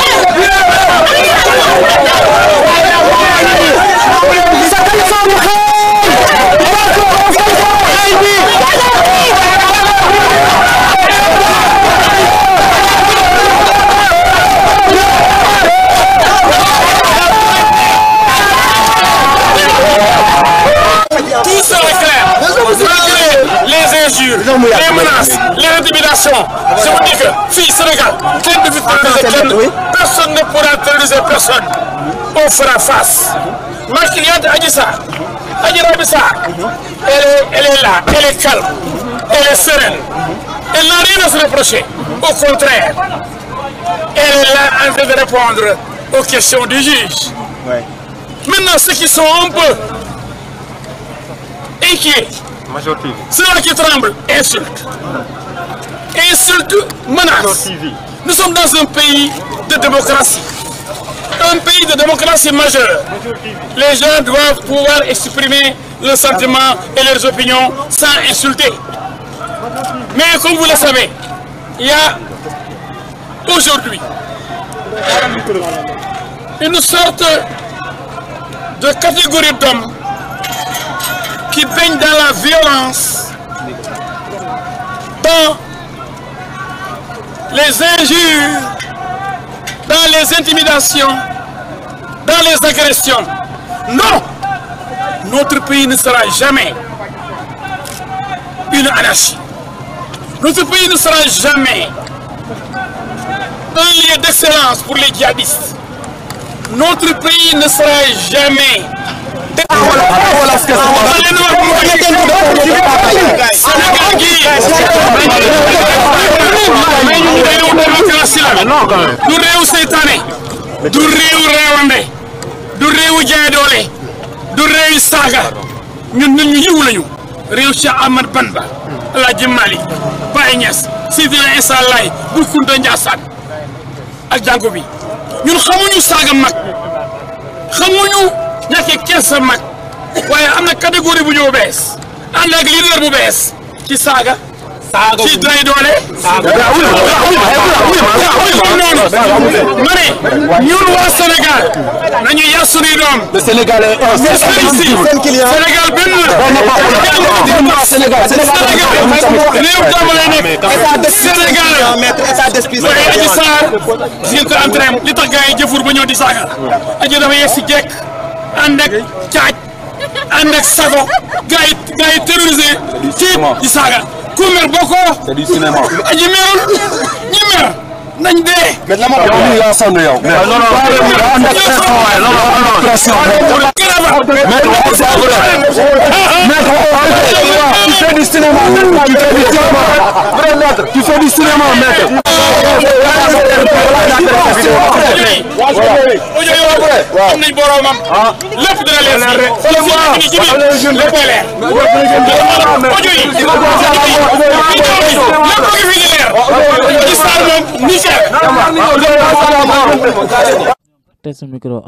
Yeah! injures, les menaces, les intimidations. Je vous dis que fii Sénégal kenn ah, ne pourra terroriser personne. on fera face. ma cliente Adji Sarr, mhm. elle est là, elle est calme, mhm. elle est sereine, mhm. elle n'a rien à se reprocher. au contraire elle est là en train de répondre aux questions du juge. maintenant ceux qui sont un peu inquiets. Major TV. Ceux qui tremblent insultent. Insultent, Nous sommes dans un pays de démocratie. Un pays de démocratie majeure. Les gens doivent pouvoir exprimer leurs sentiments et leurs opinions sans insulter. Mais comme vous le savez, il y a aujourd'hui une sorte de catégorie d'hommes qui baigne dans la violence, dans les injures, dans les intimidations, dans les agressions. Non, notre pays ne sera jamais une anarchie. Notre pays ne sera jamais un lieu d'excellence pour les djihadistes. Notre pays ne sera jamais... Ah, ah, non quand même. du réew seytaane. du réewu réewande. du réewu jaay doole. du réewu saaga. ñun nit yiw lañu. réew Cheikh Ahmad Bamba. El Hadj Malick. Baye Niass. Sidina Issa Laye. Bou Kounta Ndiassane. ak bi. ñun xamuñu saaga mag. xamuñu ñàkk kersa mag. waaye am na catégorie bu ñëw bees. ànd ak leader bu bees. ci saaga. ci doy doole. ma ne ñun waa Sénégal nañu yar suñuy doom. le Sénégal est un Sénégal benn la. Sénégal Sénégal li tax gars yi jëfur ba ñëw di saaga. aji dafa yegg si jekk ànd ak caaj ànd ak sago gars yi gars yi terrorisé ci di saaga. ku mer bokkoo. te du cinéma. aji merul ñi mer nañ dee. mais la ma yow yaa sonn yow. mais non non non non pression mais tu fais du cinéma maître. am nañ boromam lépp dina leer si si si lépp leer audio yi vidéo yi lépp a ngi fi di leer ci Sarr moom ni cher